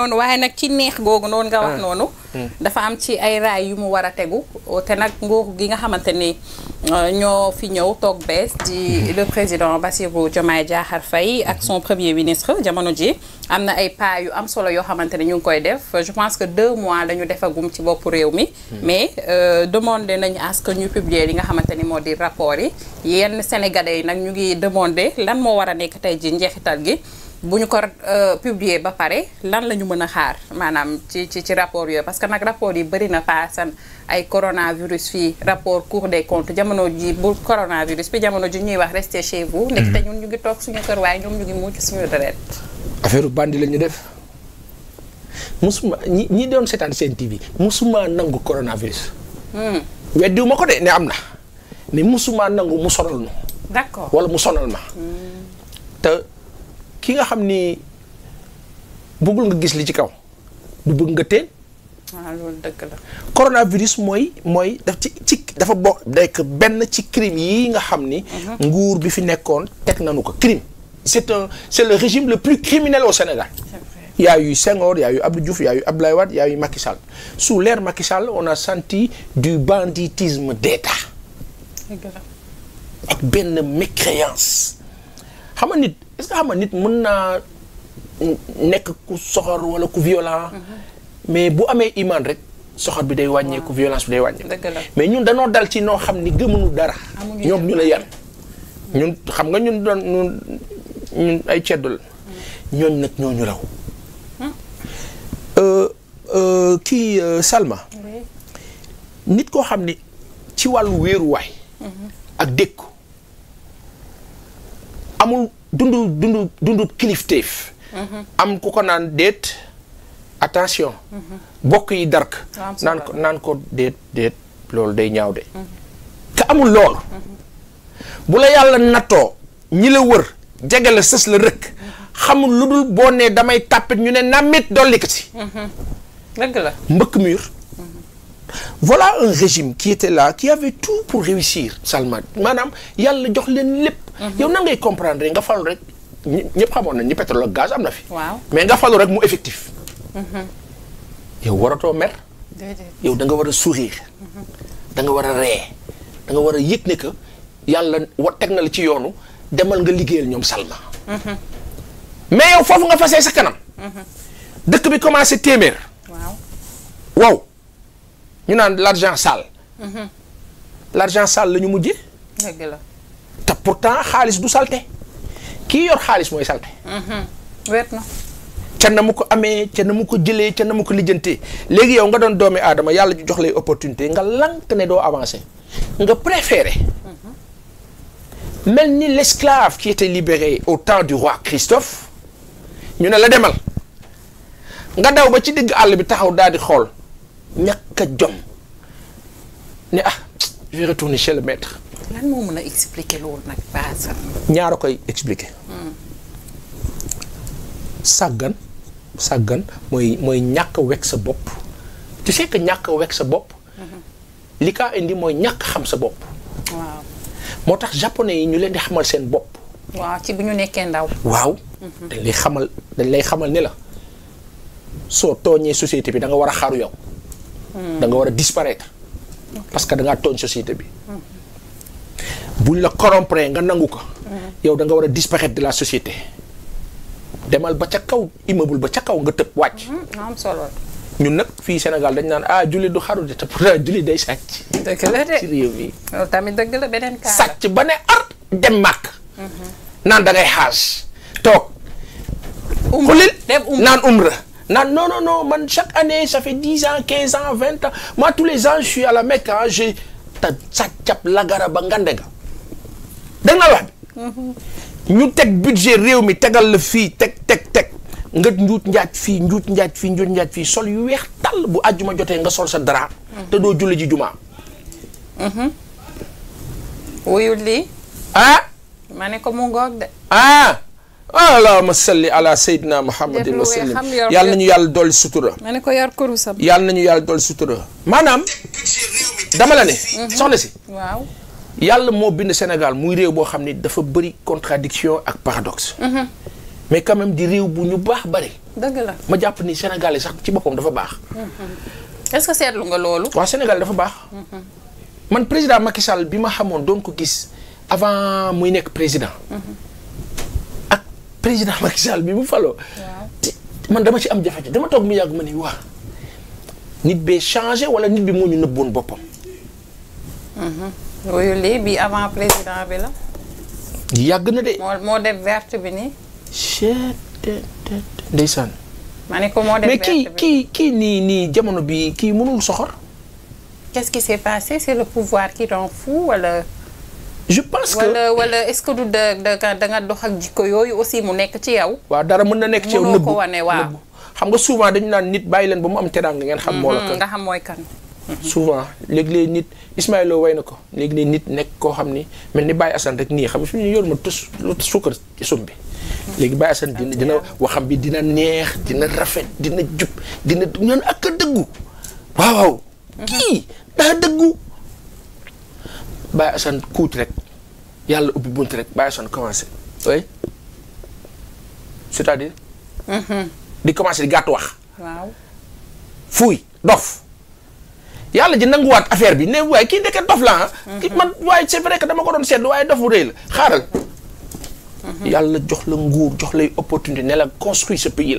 noonu waaye nag ki neex googu noonu nga wax ah. noonu hmm. dafa am ci ay raay yu mu war a tegu te nag nguur gi nga xamante ni euh, ñoo fi ñëw toog bees di hmm. le président Bassirou Diomaye Diakhar Faye ak hmm. son premier ministre jamono ji am na ay pas yu am solo yoo xamante ne ñu ngi koy def je pense que deux mois la ñu defagum ci boppu réew mi mais euh, demande nañu à ce que ñu publier li nga xamante ni moo di rapport yi yenn sénégalais yi nag ñu ngi demandé lan moo war a nekk tey ji njeexital gi bu ñu ko euh, publier ba pare lan la ñu mën a xaar maanaam ci ci ci rapport yooyu parce que nag rapport yi bëri na paasan ay coronavirus fii rapport Cour de comptes jamono ji bu coronavirus bi jamono ji ñuy wax restez chez vous. nekk te mhm. ñun ñu ngi toog suñu kër waaye ñoom ñu ngi mujj suñu deret. affaire bandi la ñu def musuma ñi ñi doon seetaan seen TV musuma nangu coronavirus. Hmm. weddiwuma ko de ne am na mais musuma nangu mu sonal ma. d'accord wala mu sonal ma. Hmm. ki nga xam ni bëggul nga gis li ci kaw du bëgg nga teen. waaw ah, loolu dëgg coronavirus mooy mooy daf ci ci dafa bokk nekk benn ci crime yi nga xam ni. Mhm. nguur bi fi nekkoon teg nañu ko crime. c'est un c'est le régime le plus criminel au Sénégal. Il y a eu Senghor, il y a eu Abdou Diouf, il y a eu Abdoulaye Wade, on a senti du banditisme d'État. ak benn mécréance xam nga nit est-ce que xam nga nit mun naa nekk ku soxor wala ku violent. Mhm. mais bu amee imaan rek. soxor bi day wàññeeku violence bi day wàññeeku. mais ñun danoo dal ci noo xam ni gëmuñu dara. ñoom ñu la yar. ñun xam nga ñun doon ñun ñun ay ceddul hmm. ñooñ nag ñooñu raw. Hmm. Euh, euh, kii euh, Salma. nit koo xam ni ci wàllu wéeruwaay. Mhm. ak dékku. amul dundu dundu dundu kilifteef. Mhm. am ku ko naan déet attention. Mhm. bokk yi dark. naan ko naan ko déet déet loolu day ñaaw de. Mhm. te amul loolu. bu la yàlla nattoo ñi la wër jege la sës la rëkk. xamul lu dul boo nee damay tàppit ñu ne nàmmit dolli ko ci. voilà un régime qui était là qui avait tout pour réussir Salman maanaam yàlla jox leen lépp. Mhm. yow na ngay comprendre nga falu rek ñëpp xamoon na ni pétrole ak am na fi. waaw mais nga falu rek mu effectif. Mhm. yow waratoo mer. yow da war a sourire. Mhm. danga war a ree da war a yëg ne que yàlla wa teg na la ci yoonu demal nga liggéeyal ñoom Salma. mais yow foofu nga fasee sa kanam. dëkk bi commencé téeméer. waaw. ñu naan l' argent sale. Mhm. l' argent la ñu mujje dëgg la te pourtant xaalis du salte kii yor xaalis mooy salte. Mhm. wet ca na mu ko amee ca na mu ko jëlee ca na mu ko lijjantee léegi yow nga doon doomi aadama yàlla ju jox lay opportunité nga lank ne doo avancé nga préféré. mel ni l' esclave qui était libéré au temps du roi Christophe ñu ne la demal nga daw ba ci digg àll bi taxaw daal di xool. ñàkk a jom ne ah je vais mën a expliquer loolu nag baax ñaar a koy expliquer. Hmm. sàggan sàggan mooy mooy ñàkk a wekk sa bopp. tu sais ñàkk wekk sa bopp. Hmm. li kaa indi mooy ñàkk xam sa bopp. waaw moo tax japonais yi ñu leen di xamal seen bopp. waaw ci bu ñu nekkee ndaw. waaw. Hmm. dañ lay xamal dañ lay xamal ne la soo tooñee société bi da nga war a xaru yow. da nga war a disparaître. parce que da ngaa tooñ société bi. buñ la corrompre nga nangu ko. Mm. yow da war a disparaître de la société. demal ba ca kaw immeuble ba ca kaw nga tëb wàcc. ñu mm-hmm. solo. fii Sénégal dañ naan ah julli du xaru de te pourtant julli day sàcc. de ci réew mi. ba ne ar dem màkk. Mm-hmm. naan da ngay toog. umra naan umra. naan non non man chaque année ça fait dix ans quinze ans vingt ans moi tous les ans je suis à la Mecque ah je ta lagara ba ngandega dégg nga wax bi mhm. ñu teg budget réew mi tegal la fii teg teg teg nga njuut njaaj fii njuut njaat fii njuut njaaj fii sol yu weex tàll bu àjjuma jotee nga sol sa dara mhm. te doo julli ji jumaa mhm. wuyul lii ah ma ne ko mu ngoog de ah allahumma salli ala sayyidina muhammadin wa sallim yàlla nañu yàlla dool sutura ma ne ko yar kurusam yàlla nañu yàlla dolli sutura maanaam dama la ne mhm. soxna si waaw yàlla moo bind Sénégal muy réew boo xam ne dafa bëri contradiction ak paradoxe mhm. mais quand di réew bu ñu baax bari dëgg la ma jàpp ni Sénégal yi sax ci boppam dafa baax mhm. est seetlu nga loolu waaw Sénégal dafa baax man président Macky bi ma xamoon doon ko gis avant muy nekk président président Macky Sall bi bu faloo. man dama ci am jafe-jafe dama toog mu yàgg ma ni waa nit bee changé wala nit bi moo ñu nëbboon boppam. Mhm. président bi yàgg na de. moo moo def verte bi nii. ndeysaan. ma ne ko moo def verte bi mais kii kii nii nii jamono bi kii mënul soxor. qu'est-ce qui s'est passé c'est le pouvoir qui t'en fout wala. je pense que wala wala est-ce que du da da dox ak jikko yooyu aussi mu nekk ci yow. waaw dara mën na nekk ci yow xam nga souvent dañu naan nit bàyyi leen ba mu am teraanga ngeen xam. moo la mm-hmm, kan nga xam mooy kan. Mm-hmm. souvent léegi-léegi nit Ismaïla way na ko léegi nii nit nekk koo xam ni mel ni Baye Assane rek nii xam nga suñu yor ma tus lu suukar ci sum bi. Mm-hmm. léegi Baye Assane dina dina waxam bi dina neex dina rafet dina jub dina ñoon ak a dëggu waaw waaw. kii daa dëggu. Baye Assane kuuti rek yàlla ubbi bunt rek Baye Assane commencé oui c'est-à-dire. Mm-hmm. di commencé di gàtt wax. waaw fuuy dof. yàlla ji nanguwaat affaire bi ne waaye kii ndeke dof la ah. mm-hmm. ki man waaye c'est vrai que dama ko doon seetlu waaye dof rëy la xaaral. Mm-hmm. yàlla jox la nguur jox lay opportunité ne la construire ce pays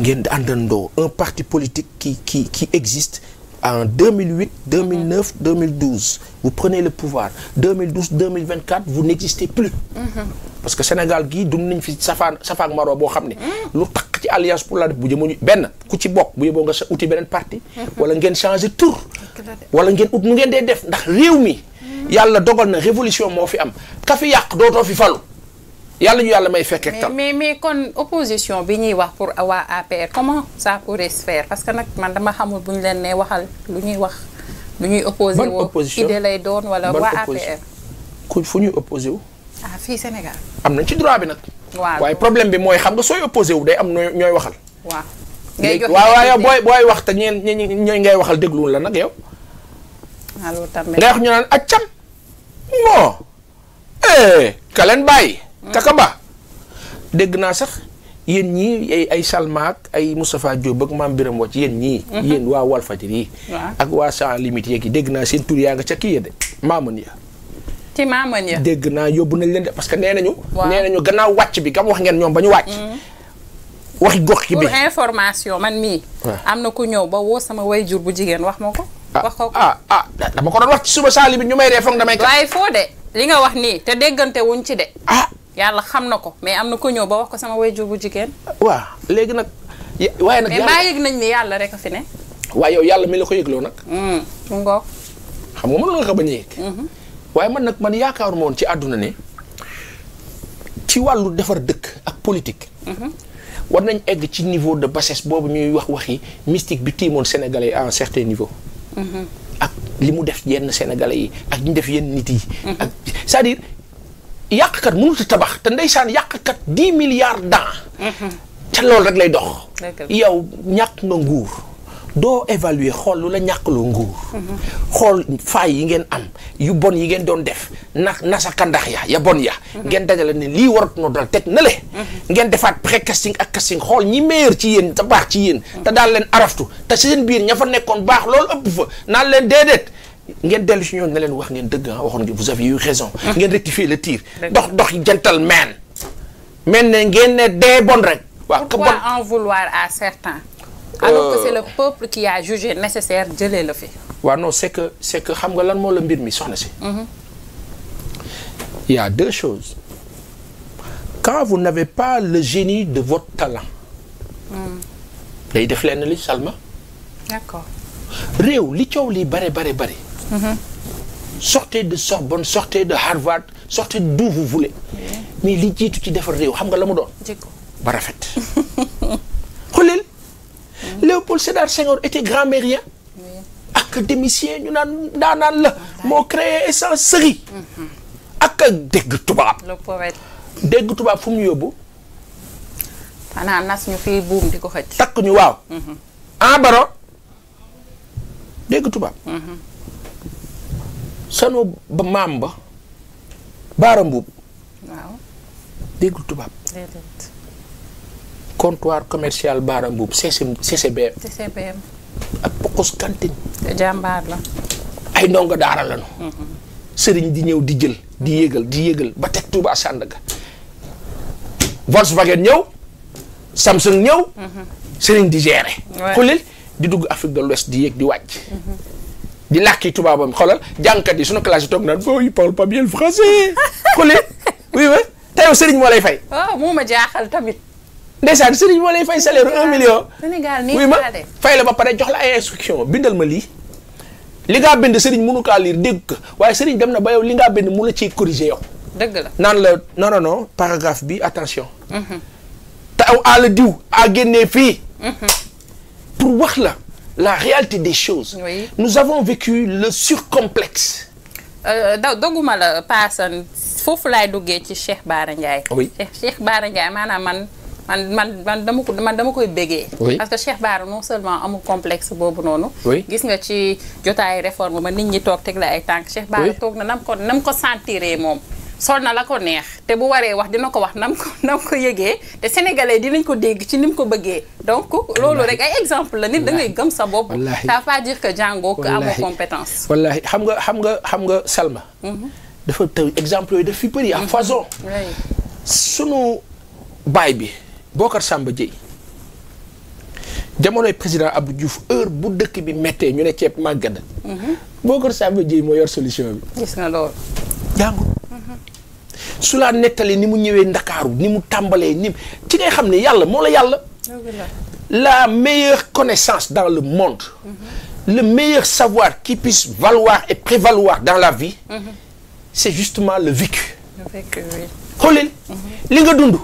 ngeen di àndandoo parti politique qui qui existe en 2008 2009 2012 vous prenez le pouvoir 2012 2024 vous n'existez plus. parce que Sénégal gii dund nañ fi safaan safaan maro boo xam ne. lu takk ci alliance pour la bu jëmoo ñu benn ku ci bokk bu yeboo nga sa uti beneen parti. wala ngeen changer tour wala ngeen ut nu ngeen dee def ndax réew mi. yàlla dogal na révolution moo fi am ka fi yàq dootoo fi falu. yàlla ñu yàlla may fekk ak mais mais kon opposition bi ñuy wax pour waa APR comment ça pourrait se parce que nag man dama xamul bu ñu leen ne waxal lu ñuy wax lu ñuy opposé woo idée lay doon wala waa APR fu ñuy opposé wu ah, fii Sénégal am na ci droit bi nag waaw waaye problème bi mooy xam nga sooy opposé wu day am ñooy ñooy waxal waaw ngay jox waaw booy booy te ñeen ñooy ngay waxal dégluwul la nag yow ah, ngay wax ñu naan accam non eh bàyyi Takaba dégg naa sax yéen ñii ay ay Salma ak ay Moustapha Diop ak maam Biram Wacc yéen ñii. Mhm. yéen waa Walfadjri yi. ak waa Sans Limites yeeg yi dégg naa seen tur yaa nga ca kii ya de maamoon ya ci maamoon ya dégg naa yóbbu nañ leen de parce que nee nañu. nee nañu gannaaw wàcc bi kam wax ngeen ñoom ba ñu wàcc. Mhm. wax gox ki bi pour information man mii. am na ku ñëw ba woo sama jur bu jigéen wax ma ko. Ah, wax ko ah ah dama ko doon wax ci suba Sans Limites ñu may dee foog damay. waaye li nga wax nii te déggante wuñ ci de. ah. yàlla xam na ko mais am na ko ñëw ba wax ko sama waajur bu jigéen. waaw léegi nag. waaye nag yàlla mais baa yëg nañ ni yàlla rek a fi ne. waaye yow yàlla mi la ko yëgloo nag. Hmm, mu ngoog. xam nga mënoon nga ko bañ a yëg. Hmm. waaye man nag man yaakaaruma woon ci àdduna ne ci wàllu defar dëkk ak politique. Hmm. war nañ egg ci niveau de bassesse boobu ñuy wax waxi mystique bi tiimoon sénégalais à un certain niveau. ak li mu def yenn sénégalais yi ak ñu def yenn nit yi. ak cest dire yàqkat mënut a tabax te saan yàq kat dix milliards d'ans. ca lool rek lay dox. yow ñàq nga nguur. doo évaluer xool lu la ñàkkloo nguur. xool fay yi ngeen am yu bon yi ngeen doon def na nasa kandax ya ya bon ya. ngeen dajale ne lii waratu noo dal teg na le. ngeen defaat pré casting ak casting xool ñi meilleur ci yéen te baax ci yéen. te daal leen araftu te si seen biir ña fa nekkoon baax loolu ëpp fa naan leen déedéet. ngeen dellu si ñoon ne wax ngeen dëgg ah waxoon ngeen vous avez eu raison. Ah. ngeen rectifier le tir. dox dox gentleman. mel ne ngeen ne dee bon rek. waaw que bon en vouloir à certains. alors que euh. c'est le peuple qui a jugé nécessaire jëlee la fi. waaw non c'est que c'est que xam nga lan moo la mbir mi soxna si. Mm-hmm. il deux choses. quand vous n'avez pas le génie de votre talent. Mm. day def lenn li Salma. réew li coow li bare bare bare. sortez de Sorbonne sortez de Harvard sortez d'où vous voulez mais li jiitu ci defar réew xam nga la mu doon. ba rafet. xoolal Léopold Sédar Senghor était grammairien académicien ñu naan daanaan la moo créé Essence-Serie ak dégg tubaab. dégg tubaab fu mu yóbbu. ko xëcc. takk ñu waaw. en mhm. baron dégg tubaab. Mhm. sanu ba maam ba baara mbuub waaw déggul tubaab comptoir commercial baara mbuub CCBM CCBM la ay ndongo daara lañu mm-hmm. sëriñ di ñëw di jël di yégal di yégal ba teg Touba Sandaga Volkswagen ñëw Samsung ñëw mm-hmm. sëriñ di gérer xulil di dugg Afrique de l'Ouest di yéeg di wàcc mm-hmm. di làkki tubaabam xoolal jàngkat yi sunu classe yi toog naan boo il parle pas bien français xule oui ma te yow Serigne moo lay fay. waaw oh, moo ma jaaxal tamit. ndeysaan Serigne moo lay fay salaire un million. Sénégal ma fay la ba pare jox la ay instruction bindal ma lii. li ngaa bind Serigne mënu kaa lire dégg ko waaye Serigne dem na ba yow li ngaa benn mu la ciy corriger yow. dëgg la naan la non non bi attention. Mhm. te aw àll diw a génnee fii. Mhm. pour wax la. la réalité des choses. Oui. nous avons vécu le surcomplexe. Euh, daw dogguma la paasan foofu laay duggee ci Cheikh Bara Ndiaye. oui Cheikh Bara Ndiaye maanaam man man man man dama ko man dama koy bëggee. parce que Cheikh Bara non seulement amul complexe boobu noonu. gis nga ci jotaayu réforme ba nit ñi toog teg la ay tànk. Cheikh Bara toog na ko nam ko sentiree moom. sol na la ko neex te bu waree wax dina ko wax nam ko mu ko yëgee te sénégalais dinañ ko dégg ci ni mu ko bëggee donc loolu rek ay exemple la nit da ngay gëm sa bopp ça veut pas dire que jàngoo ko amoo compétence wallaahi xam nga xam nga xam nga Salma mhm. dafa taw exemple yooyu daf fi bëri à mhm. foison sunu baay bi Bocar Samba Dièye jamonoy président abu juuf heure bu dëkk bi mettee ñu ne ceeb màggat mhm. Bocar Samba Dièye moo yor solution bi gis nga loolu su laa nettalee ni mu ñëwee ndakaaru ni mu tàmbalee ni ci ngay xam ne yàlla moo la yàlla la meilleure connaissance dans le monde mm-hmm. le meilleur savoir qui puisse valoir et prévaloir dans la vie mm-hmm. c'est justement le vécu xoolil mm-hmm. li nga dund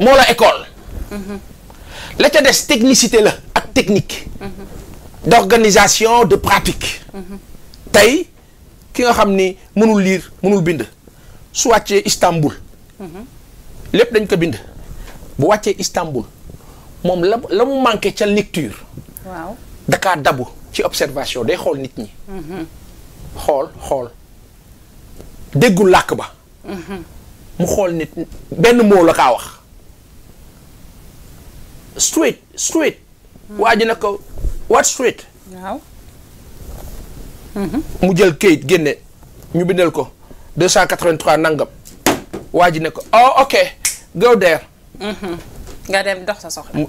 moo la école la ca des technicité la ak technique d'organisation de pratique tey ki nga xam ni mënul lire mënul bind su wàccee Istanbul. lépp dañ ko bind. bu wàccee Istanbul moom la la mu manqué ca lecture. waaw dabu ci observation day xool nit ñi. xool xool déggu làkk ba. mu xool nit benn moo la kaa wax. straight straight. waa ji na ko what straight. waaw. mu jël kayit génne ñu bindal ko. 283 nangam waa ji ne ko oh ok go there. Mm-hmm. dem dox sa soxla.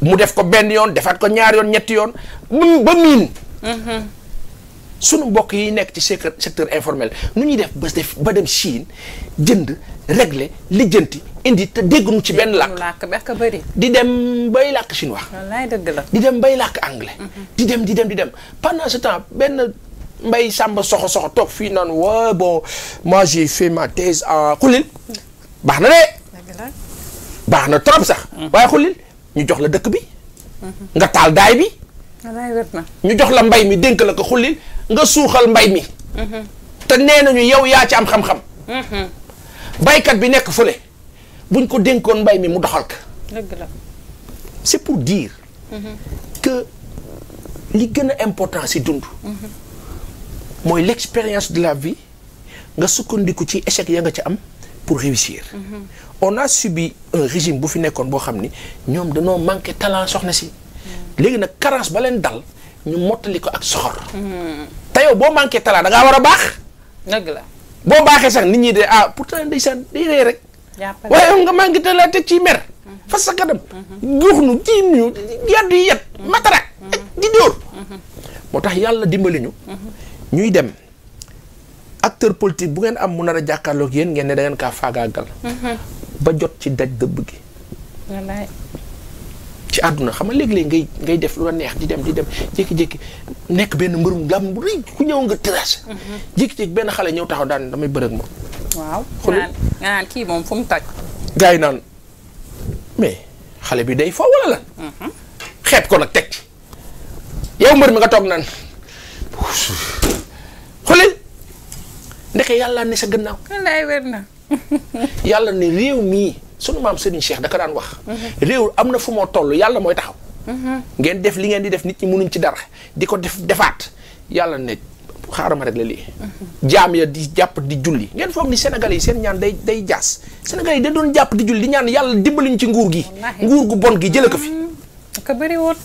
mu def ko benn yoon defaat ko ñaar yoon ñetti yoon ba miin. Mm-hmm. sunu mbokk yi nekk ci secteur secteur informel nu ñuy def ba def ba dem Chine jënd régler lijjanti indi te dégguñu ci benn làkk di dem bay làkk chinois. di dem bay làkk anglais. Mm-hmm. di dem di dem di dem pendant ce temps benn. Mbaye Samba soxo soxo toog fii naan waa bon moi j'ai fait ma thèse en xulil baax na de. baax na trop sax. waaye xulil ñu jox la dëkk bi. nga taal daay bi. ñu jox la mbay mi dénk la ko xulil nga suuxal mbay mi. Mhm. te nee nañu yow yaa ci am xam-xam. Mhm. baykat bi nekk fële buñ ko dénkoon mbay mi mu doxal ko. la c'est pour diir mhm. que li gën a important si dund. mooy l'expérience de la vie nga sukkandiku ci échec ya nga ca am pour réussir. Mm a subi un régime bu fi nekkoon boo xam ni ñoom dañoo manqué talent soxna si. Mm-hmm. léegi nag carence ba leen dal ñu mottali ko ak soxor. Mm-hmm. te yow boo manqué talent da ngaa war a baax. dëgg la boo baaxee sax nit ñi de ah pour ndeysaan day rey rek. waaye yow nga manqué talent teg ciy mer. fa sa kanam. guux nu jiim ñu yàddu yi yat. mataraak di dóor. moo tax yàlla dimbali ñu. ñuy dem acteur politique bu ngeen am mu nar a jàkkaarloog yéen ngeen ne da ngeen kaa faagaagal. Mhm. ba jot ci daj dëbb gi. ci àdduna xam ma léeg-léeg ngay ngay def lu la neex di dem di dem jékki-jékki nekk benn mbërum gàmm bu ku ñëw nga trash. Mhm. jékki-jékki benn xale ñëw taxaw daan damay bërëg moom. waaw nga moom fu mu toj. gars yi xale bi day foo wala lan. Mhm. xeeb ko nag teg yow mbër mi nga toog naan. ndeke yàlla ne sa gannaaw. wallaay wér na. yàlla ne réew mii sunu maam Serigne Cheikh da ko daan wax. Mhm. réew am na fu moo toll yàlla mooy taxaw. Mhm. ngeen def li ngeen di def nit ñi mënuñ ci dara di ko def defaat yàlla ne xaaral ma rek la lii. Mhm. jaam ya di jàpp di julli ngeen foog ni senegal yi seen ñaan day day jaas Sénégal yi da doon jàpp di julli di ñaan yàlla dimbaliñ ci nguur gi. nguur gu bon gi jëlee ko fi. ko bëri woon.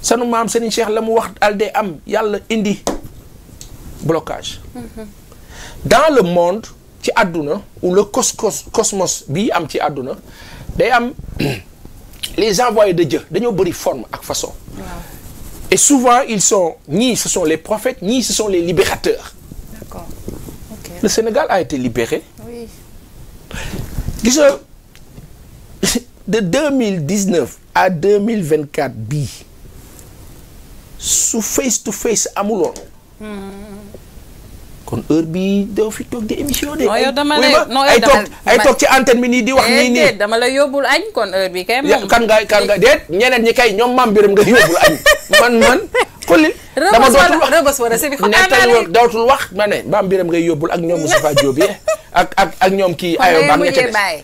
sanu maam Serigne Cheikh la mu wax daal day am yàlla indi blocage. dans le monde ci adduna ou le cosmos cosmos bii am ci àdduna day am les envoyés de Dieu dañoo bëri forme ak façon et souvent ils sont ñii ce sont les prophètes ñii ce sont les libérateurs d'accord ok le Sénégal a été libéré oui gis de 2019 à 2024 bii su face to face amuloon hmm. kon heure bi doo fi toog di émission de. ay ay toog ay toog ci antenne bi nii di wax. nii nii dama la yóbbul añ kon heure bi kay moom kan nga kan nga déet ñeneen ñi kay ñoom maam biram nga yóbbul añ man man. xulli dama dootul wax rëbës wala rëbës dootul wax ma ne maam biram ngay yóbbul ak ñoom Moustapha Diop ak ak ak ñoom kii. ayo baax nga ca